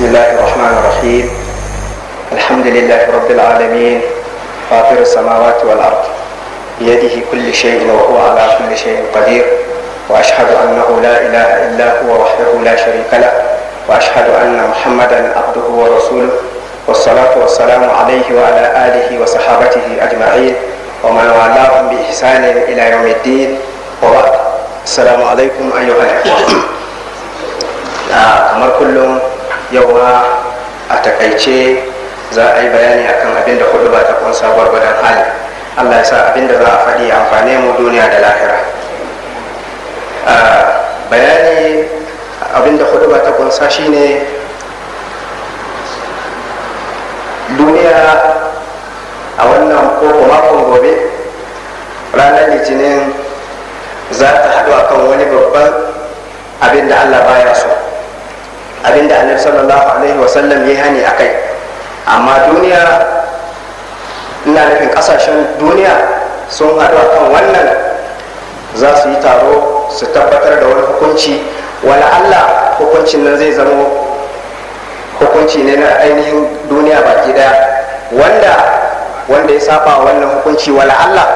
بسم الله الرحمن الرحيم الحمد لله رب العالمين فاطر السماوات والأرض بيده كل شيء وهو على كل شيء قدير وأشهد أنه لا إله إلا هو وحده لا شريك له وأشهد أن محمدا عبده ورسوله والصلاة والسلام عليه وعلى آله وصحابته أجمعين ومن والاهم بإحسان إلى يوم الدين وبعد السلام عليكم أيها الإخوة آه، كما كلهم yau ma a takaice za a yi bayani akan abin da hudu ba ta kunsa gwargwadon hali allah ya sa abin da za a faɗi ya amfane mu duniya da lahira bayani abin da hudu ba ta kunsa shine duniya a wannan koko makon gobe ranar litinin za ta haɗu akan wani babban abin da allah baya so abinda annabi sallallahu alaihi wasallam ya hani a kai amma duniya ina nufin kasashen duniya sun haɗu a kan wannan za su yi taro su tabbatar da wani hukunci wani allah hukuncin nan zai zama hukunci ne na ainihin duniya baki daya wanda wanda ya saba wannan hukunci wala allah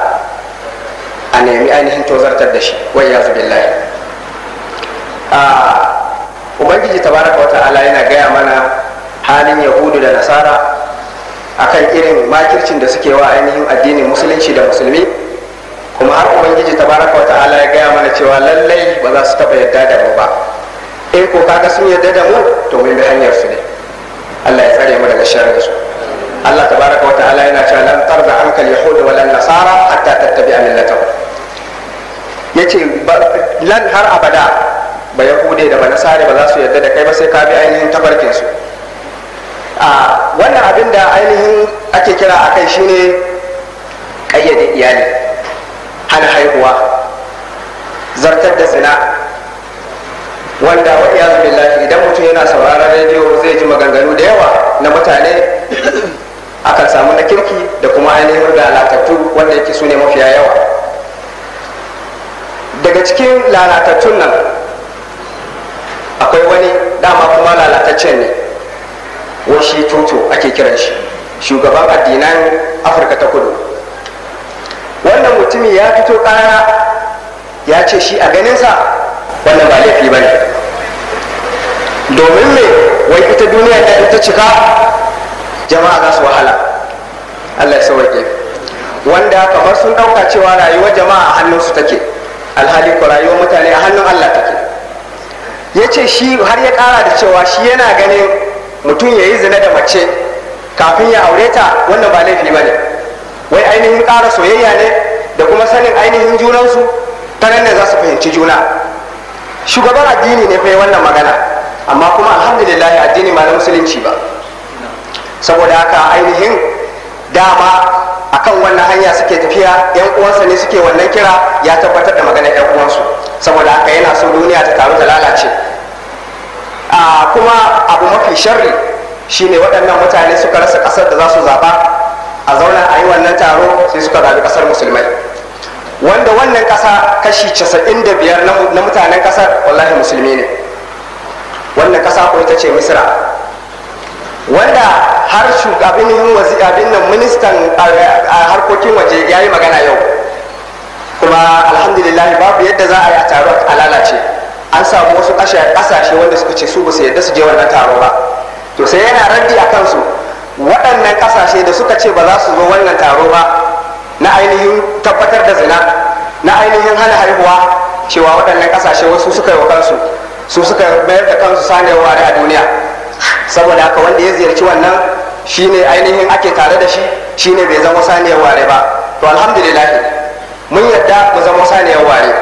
a nemi ainihin tozartar da shi wai ya zubi ubangiji tabaraka wa ta'ala yana gaya mana halin yahudu da nasara akan irin makircin da suke wa ainihin addinin musulunci da musulmi kuma har ubangiji tabaraka wa ta'ala ya gaya mana cewa lallai ba za su taba yadda da mu ba in ko kaga sun yadda da mu to mun bi hanyar su ne Allah ya tsare mu daga sharri su Allah tabaraka wa ta'ala yana cewa lan tarda anka al-yahud wa lan nasara hatta tattabi'a millatahum yace lan har abada ba yahude da ba nasare ba za su yarda da kai ba sai ka bi ainihin tabarkin su a wannan abin da ainihin ake kira a kai shine kayyade iyali hana haihuwa zartar da zina wanda wa iyazu billahi idan mutum yana sauraron rediyo zai ji maganganu da yawa na mutane akan samu na kirki da kuma ainihin lalatattu wanda yake su ne mafiya yawa daga cikin lalatattun nan akwai wani dama kuma lalataccen ne washi tutu ake kiran shi shugaban addinan afirka ta kudu wannan mutumi ya fito kara ya ce shi a ganinsa wannan ba laifi ba ne domin me wai ita duniya ta ita cika jama'a za su wahala allah ya sauwaƙe wanda kamar sun ɗauka cewa rayuwar jama'a a hannunsu take alhali ko rayuwar mutane a hannun allah take ya ce shi har ya kara da cewa shi yana ganin mutum ya yi zina da mace kafin ya aure ta wannan ba laifi ba ne wai ainihin ƙara soyayya ne da kuma sanin ainihin junansu ta nan ne za su fahimci juna shugaban addini ne fa wannan magana amma kuma alhamdulillah addini ba na musulunci ba saboda haka ainihin dama akan wannan hanya suke tafiya yan uwansa ne suke wannan kira ya tabbatar da maganar yan uwansu saboda haka yana so duniya ta taru ta lalace a kuma abu mafi sharri shine waɗannan mutane suka rasa ƙasar da za su zaba a zauna a yi wannan taro sai suka zaɓi ƙasar musulmai wanda wannan ƙasa kashi casa'in da biyar na mutanen ƙasar wallahi musulmi ne wannan ƙasa ko ita ce misira wanda har shugabin yin a abin nan ministan eh, eh, harkokin waje ya yi magana yau kuma alhamdulillah babu yadda za a yi a taro a lalace an samu wasu kasashe wanda suka ce su ba su yadda su je wannan taro ba to sai yana raddi a kansu waɗannan ƙasashe da suka ce ba za su zo wannan taro ba na ainihin tabbatar da zina na ainihin hana haihuwa cewa waɗannan ƙasashe wasu suka yi wa kansu su suka mayar da kansu da a duniya saboda haka wanda ya ziyarci wannan shine ainihin ake tare da shi Shi ne bai zama saniyar ware ba to alhamdulillah mun yadda mu zama saniyar ware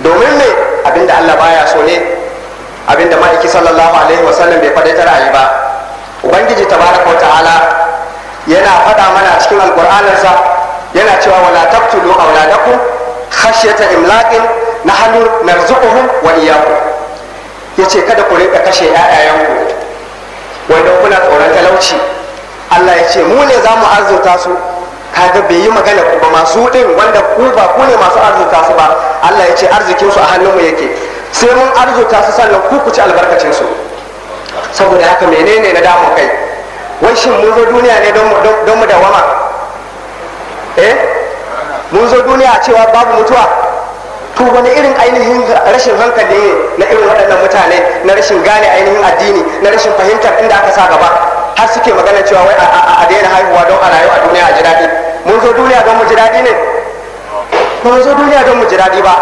domin me abinda Allah baya so ne abinda ma'aiki sallallahu alaihi wasallam bai faɗaitar a yi ba ubangiji tabaraka wa ta'ala yana faɗa mana cikin sa yana cewa wala taqtulu awladakum khashyata imlaqin nahnu narzuquhum wa iyyakum yace kada ku rika kashe ƴaƴayenku wai don kuna tsoron talauci Allah ya ce mu ne za mu arzuta su kaga bai yi magana ku ba masu din wanda ku ba ku ne masu arzuta su ba Allah ya ce arzikin su a hannunmu yake sai mun arzuta su sannan ku ku ci albarkacin su saboda haka menene na damun kai wai shin mun zo duniya ne don mu dawama eh mun zo duniya cewa babu mutuwa to wani irin ainihin rashin hankali ne na irin rashin gane ainihin addini na rashin fahimtar inda aka sa gaba har suke magana cewa wai a daina haihuwa don a rayu a duniya a ji daɗi mun zo duniya don mu ji daɗi ne mun zo duniya don mu ji daɗi ba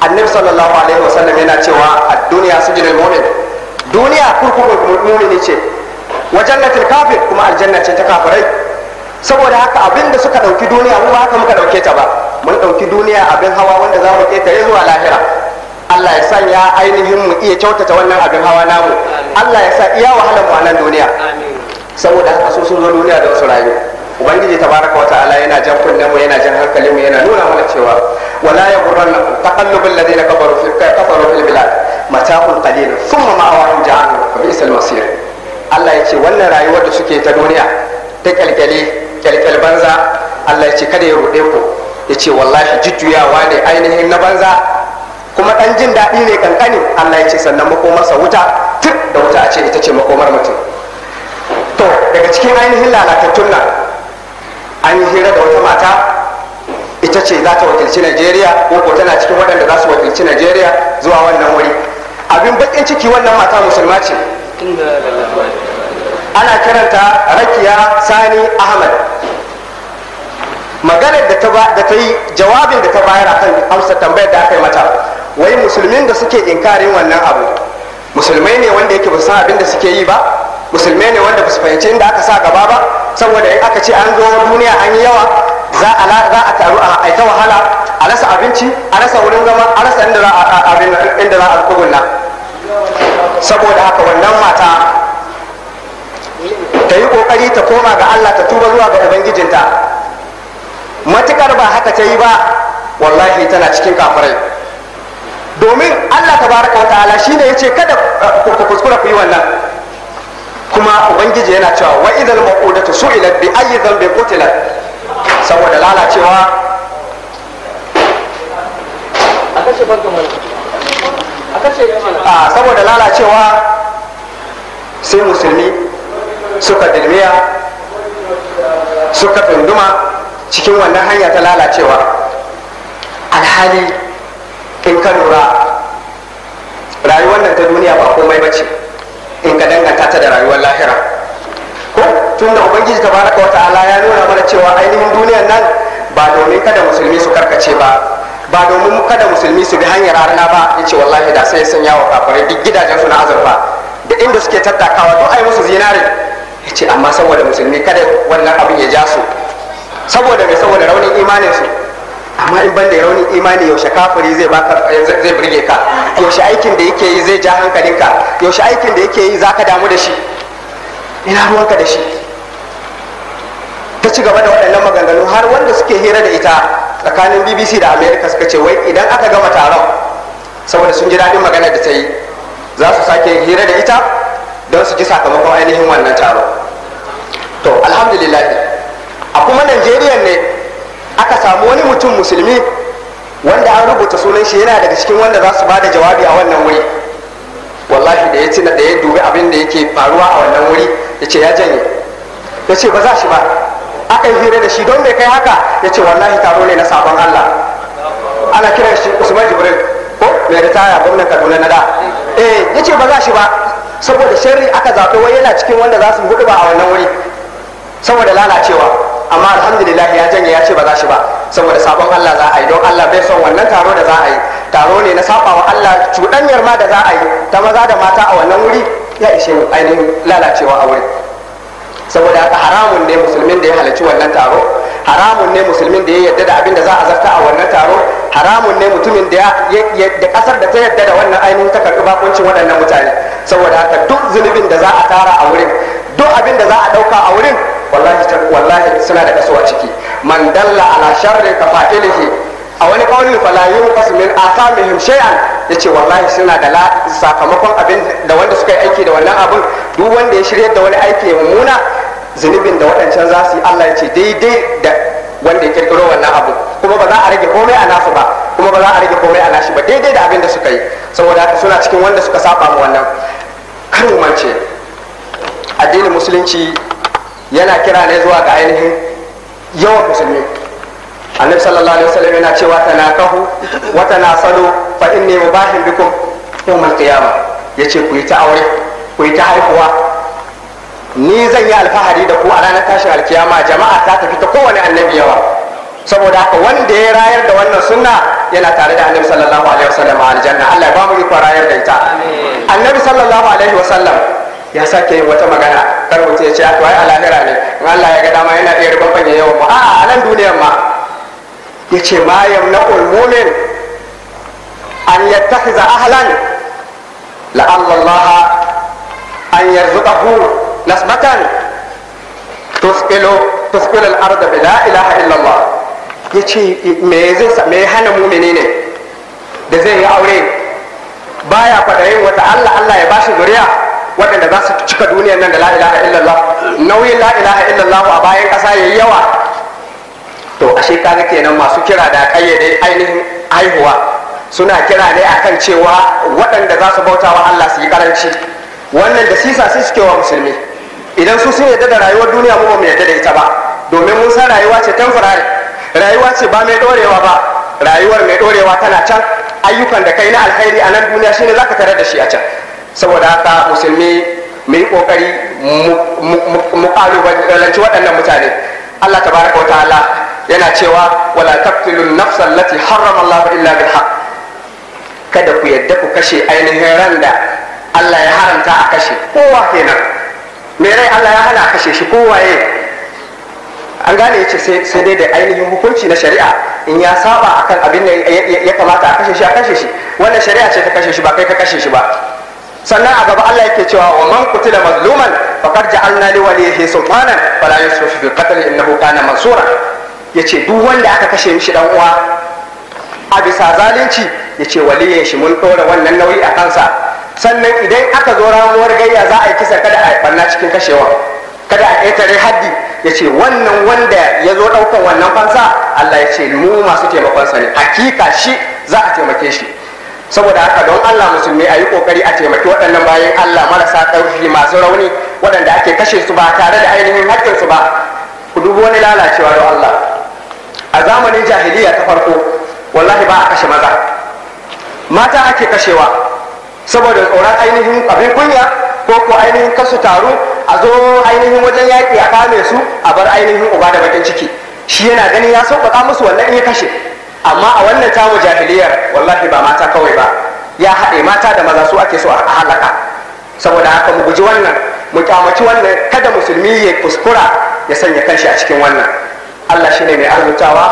annabi sallallahu alaihi wasallam yana cewa a duniya su jinil mu'min duniya kurkukun mu'mini ce wa jannatul kafir kuma aljanna ce ta kafirai saboda haka abin da suka ɗauki duniya mu ba haka muka dauke ta ba mun ɗauki duniya abin hawa wanda za mu ƙetare zuwa lahira Allah ya sanya ainihin mu iya kyautata wannan abin hawa namu Allah ya sa iya wahalar mu a nan duniya saboda haka so sun zo duniya da wasu rayu ubangiji tabaraka wa ta'ala yana jan kunnen mu yana jan hankalin mu yana nuna mana cewa wala yaghurrannakum taqallubul ladina kafaru fil kafaru fil bilad mata'un qalil thumma ma'awahum jahannam fa bi'sal masir Allah ya ce wannan rayuwar da suke ta duniya ta kyalkyale kyalkyal banza Allah ya ce kada ya ruɗe ku ya ce wallahi jujjuyawa ne ainihin na banza kuma ɗan jin daɗi ne kankani Allah ya ce sannan makomarsa wuta tuk da wuta a ce ita ce makomar mutum to daga cikin ainihin lalatattun nan an yi hira da wata mata ita ce za ta wakilci Najeriya ko ko tana cikin waɗanda za su wakilci Najeriya zuwa wannan wuri abin bakin ciki wannan mata musulma ce ana kiranta rakiya sani ahmad maganar da ta yi jawabin da ta bayar a kan amsa tambayar da aka yi mata wai musulmin da suke inkarin wannan abu musulmai ne wanda yake ke san abin da suke yi ba musulmai ne wanda basu fahimci inda aka sa gaba ba saboda in aka ce an zo duniya an yi yawa za a taru a aita wahala a rasa abinci a rasa wurin zama a rasa inda za a tsugunna saboda haka wannan mata ta yi kokari ta koma ga Allah ta tuba zuwa ga ubangijinta matukar ba haka ta yi ba wallahi tana cikin kafirai domin Allah ta tabaraka wa ta'ala shine ce kada eh, ku kuskura ku yi wannan kuma ubangiji yana cewa wa idal maqudatu su'ilat bi ayyi dhanbin qutilat saboda lalacewa a ah, saboda lalacewa sai musulmi suka dilmiya suka tunduma cikin wannan hanya ta lalacewa alhali in ka lura rayuwar nan ta duniya ba komai ba ce in ka danganta ta da rayuwar lahira ko tun da ubangiji ta baraka wa ala ya nuna mana cewa ainihin duniyar nan ba domin kada musulmi su karkace ba ba domin kada musulmi su bi hanyar rana ba ya ce wallahi da sai sun yawo kafare duk gidajen su na azurfa da inda suke tattakawa to ai musu zinari, ya ce amma saboda musulmi kada wannan abin ya ja su saboda mai saboda raunin imanin su amma in banda raunin imani yaushe kafiri zai baka zai burge ka yaushe aikin da yake yi zai ja hankalinka yaushe aikin da yake yi za ka damu da shi ina ruwanka da shi ta ci gaba da waɗannan maganganu har wanda suke hira da ita tsakanin bbc da america suka ce wai idan aka gama taron saboda sun ji daɗin maganar da ta yi za su sake hira da ita don su ji sakamakon ainihin wannan taron? to alhamdulillah a kuma najeriya ne aka samu wani mutum musulmi wanda an rubuta sunan shi yana daga cikin wanda za su ba da jawabi a wannan wuri wallahi da ya ci da ya dubi abin da yake faruwa a wannan wuri ya ce ya janye ya ce ba za shi ba aka yi hira da shi don bai kai haka ya ce wallahi taro ne na sabon allah ana kiran shi usman jibril ko mai ritaya gwamnan kaduna na da eh ya ce ba za shi ba saboda sharri aka zaɓi wai yana cikin wanda za su hudu ba a wannan wuri saboda lalacewa amma alhamdulillah ya janye ya ce ba za shi ba saboda sabon Allah za a yi don Allah bai son wannan taro da za a yi taro ne na wa Allah cuɗanyar ma da za a yi ta maza da mata a wannan wuri ya ishe ainihin lalacewa a wuri. saboda haka haramun ne musulmin da ya halarci wannan taro haramun ne musulmin da ya yadda da abin da za a zarta a wannan taro haramun ne mutumin da ya kasar da ta yadda da wannan ainihin ta karɓi bakuncin waɗannan mutane saboda haka duk zunubin da za a tara a wurin duk abin da za a ɗauka a wurin wallahi wallahi suna da kaso a ciki man dalla ala sharri ka fa'ilihi a wani kawalin fala yunqas min athamihim shay'an yace wallahi suna da sakamakon abin da wanda suka yi aiki da wannan abin duk wanda ya shirya da wani aiki ya mummuna zunubin da waɗancan za su yi Allah ya ce daidai da wanda ya kirkiro wannan abu kuma ba za a rage komai a nasu ba kuma ba za a rage komai a nashi ba daidai da abin da suka yi saboda haka suna cikin wanda suka saba mu wannan kar mu mance addinin musulunci yana kira ne zuwa ga ainihin yawan musulmi annabi sallallahu alaihi wasallam yana cewa kahu na wata na salo fa inni mubahin bikum yawmal ya yace ku yi ta aure ku yi ta haihuwa ni zan yi alfahari da ku a ranar tashin alkiyama jama'a ta tafi ta kowane annabi yawa saboda haka wanda ya rayar da wannan sunna yana tare da annabi sallallahu alaihi wasallam a aljanna Allah ya ba mu ikon rayar da ita annabi sallallahu alaihi wasallam ya sake yin wata magana kar mutum ya ce ah, to ai alahira ne in Allah ya ga dama yana da yarban fanya yawa mu a nan duniyar ma ya ce ma yamna mumin an yattakhiza ahlan la Allah an yarzuqahu nasbatan tusqilu tusqilu al-ard bi la ilaha illa Allah yace me zai me hana mu'mini ne da zai yi aure baya kwaɗayin wata Allah Allah ya bashi zuriya waɗanda za su cika duniyar nan da la ilaha illallah nauyin la ilaha illallah a bayan ƙasa ya yi yawa to ashe kaga kenan masu kira da ƙayyade ainihin haihuwa suna kira ne kan cewa waɗanda za su bauta wa Allah su yi karanci wannan da sisa sai suke wa musulmi idan su sun yadda da rayuwar duniya kuma mu yadda da ita ba domin mun san rayuwa ce temporary rayuwa ce ba mai dorewa ba rayuwar mai ɗorewa tana can ayyukan da kai na alkhairi a nan duniya shine zaka tare da shi a can saboda haka musulmi mu yi kokari mu kalubalanci waɗannan mutane Allah baraka wa ta'ala yana cewa wala taqtulun nafsan lati harrama Allah illa bil haqq kada ku yadda ku kashe ainihin ran da Allah ya haramta a kashe kowa kenan me rai Allah ya hana kashe shi ye an gane ya ce sai dai da ainihin hukunci na shari'a in ya saba akan abin da ya kamata a kashe shi a kashe shi wannan shari'a ce ta kashe shi ba kai ka kashe shi ba sannan a gaba Allah yake cewa wa man kutila mazluman faqad ja'alna li walihi sultanan fala yusrif fil qatl innahu kana mansura yace duk wanda aka kashe mishi dan uwa a bisa zalunci yace waliyin shi mun dora wannan nauyi a kansa sannan idan aka zo ramuwar gayya za a yi kisa kada a yi barna cikin kashewa kada a ƙetare haddi ya ce wannan wanda ya zo ɗaukar wannan fansa Allah ya ce mu masu taimakonsa ne hakika shi za a taimake shi saboda haka don Allah musulmi a yi kokari a taimaki waɗannan bayan Allah marasa ƙarfi masu rauni waɗanda ake kashe su ba tare da ainihin haƙƙinsu ba ku dubu wani lalacewa don Allah a zamanin jahiliya ta farko wallahi ba a kashe maza mata ake kashewa saboda tsoron ainihin abin kunya ko ko ainihin kasu taru a zo ainihin wajen yaƙi a kame su a bar ainihin uba da bakin ciki shi yana ganin ya sauƙaƙa musu wannan in ya kashe amma a wannan tamu jahiliyar wallahi ba mata kawai ba ya haɗe mata da maza su ake so a halaka saboda haka mu guji wannan mu kyamaci wannan kada musulmi ya kuskura ya sanya kanshi a cikin wannan Allah shi ne mai arzutawa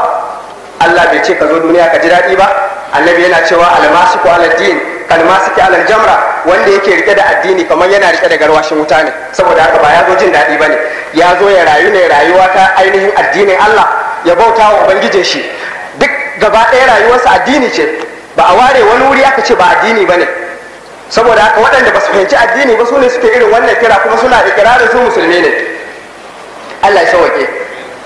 Allah bai ce ka zo duniya ka ji daɗi ba annabi yana cewa almasu alal din alal jamra wanda yake rike da addini kamar yana rike da garwashin wuta ne saboda haka ba ya zo jin daɗi ba ne ya zo ya rayu ne rayuwa ta ainihin addinin Allah ya bauta wa ubangijin shi gaba ɗaya rayuwarsa addini ce ba a ware wani wuri aka ce ba addini ba ne saboda haka waɗanda ba su fahimci addini ba su ne suke irin wannan kira kuma suna ikirarin su musulmi ne Allah ya sauke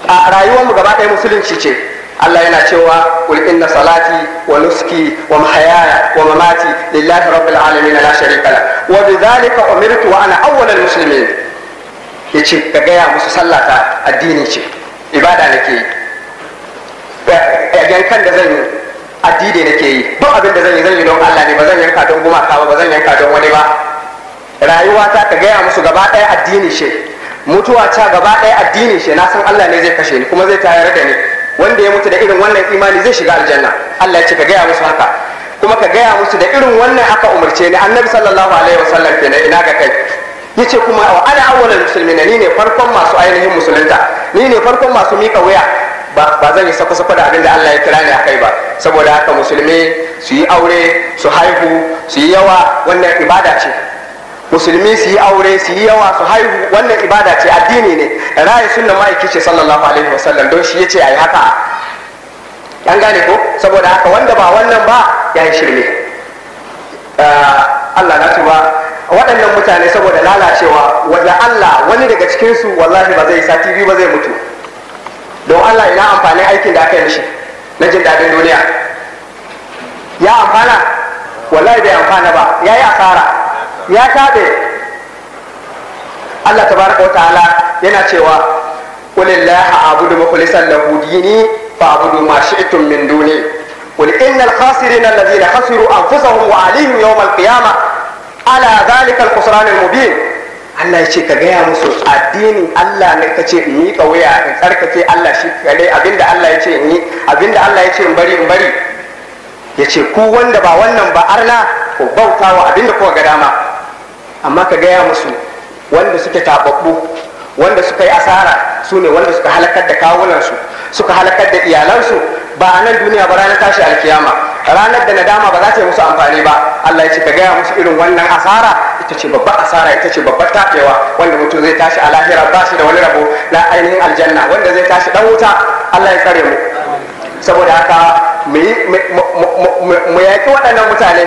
a rayuwarmu gaba ɗaya musulunci ce Allah yana cewa kul inna salati wa nuski wa mahayaya wa mamati lillahi rabbil alamin la sharika la wa bidhalika umirtu wa ana awwalul muslimin yace ka gaya musu sallata addini ce ibada nake yi kan da zan yi addini ke yi duk abin da zan yi zan yi don Allah ne ba zan yanka don gumaka ba ba zan yanka don wani ba rayuwa ta ka gaya musu gaba ɗaya addini ce mutuwa ta gaba ɗaya addini ce na san Allah ne zai kashe ni kuma zai tayar da ni wanda ya mutu da irin wannan imani zai shiga aljanna Allah ya ce ka gaya musu haka kuma ka gaya musu da irin wannan aka umarce ni annabi sallallahu alaihi wasallam kenan ina ga kai Ya ce kuma wa ana awwalul muslimin ni ne farkon masu ainihin musulunta ni ne farkon masu mika wuya ba zan yi sako-sako da abin da Allah ya kira ni a kai ba saboda haka musulmi su yi aure su haihu su yi yawa wannan ibada ce musulmi su yi aure su yi yawa su haihu wannan ibada ce addini ne ra'ayi sunna ma'aiki ce sallallahu alaihi wasallam don shi yace ayi haka an gane ko saboda haka wanda ba wannan ba ya yi shirme ah, Allah na tuba waɗannan mutane saboda lalacewa wanda Allah wani daga cikinsu wallahi ba zai sati biyu ba zai mutu don Allah ina amfanin aikin da aka yi mishi na jin daɗin duniya ya amfana wallahi bai amfana ba ya yi asara ya taɓe Allah tabaraka wa ta'ala yana cewa qul illaha a'budu mukhlishan lahu dini fa a'budu ma na min duni qul innal khasirina alladhina khasiru anfusahum wa 'alayhim yawm al-qiyamah ala dhalika al-khusran al-mubin Allah ya ce ka gaya musu addini Allah ne ka ce in ka wuya in tsarkake Allah shi kare abinda Allah ya ce in abinda Allah ya ce in bari in bari ya ce ku wanda ba wannan ba arna ku bauta abinda kuka ga dama amma ka gaya musu wanda suke tababbu wanda suka yi asara su ne wanda suka halakar da kawunansu suka halakar da iyalansu ba a nan duniya ba ranar tashi alkiyama ranar da nadama ba za ta yi musu amfani ba Allah ya ce ka gaya musu irin wannan asara ita ce babbar asara ita ce babbar tafewa wanda mutum zai tashi a lahira ba shi da wani rabo na ainihin aljanna wanda zai tashi dan wuta Allah ya tsare mu saboda haka mu yaƙi waɗannan mutane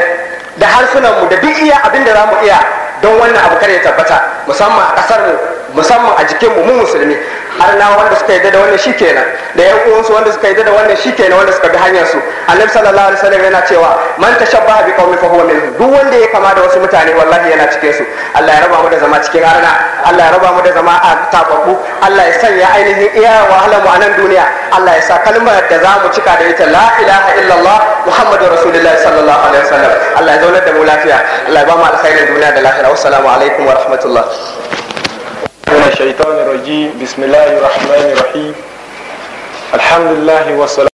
da harsunan mu da duk iya abin da za mu iya don wannan abu kare ya tabbata musamman a mu musamman a jikinmu mu musulmi har na wanda suka yi da wannan shikenan da yan uwansu wanda suka yi da wannan shikenan wanda suka bi hanyar su annabi sallallahu alaihi wasallam yana cewa man tashabbaha bi qaumi fa huwa minhum duk wanda ya kama da wasu mutane wallahi yana cikin su Allah ya raba mu da zama cikin arna Allah ya raba mu da zama a tababbu Allah ya sanya ainihin iya wahala mu a nan duniya Allah ya sa kalmar da za mu cika da ita la ilaha illallah muhammadu rasulullahi sallallahu alaihi wasallam Allah ya zaunar da mu lafiya Allah ya ba mu alkhairin duniya da lahira wassalamu alaikum wa rahmatullah من الشيطان الرجيم بسم الله الرحمن الرحيم الحمد لله والصلاة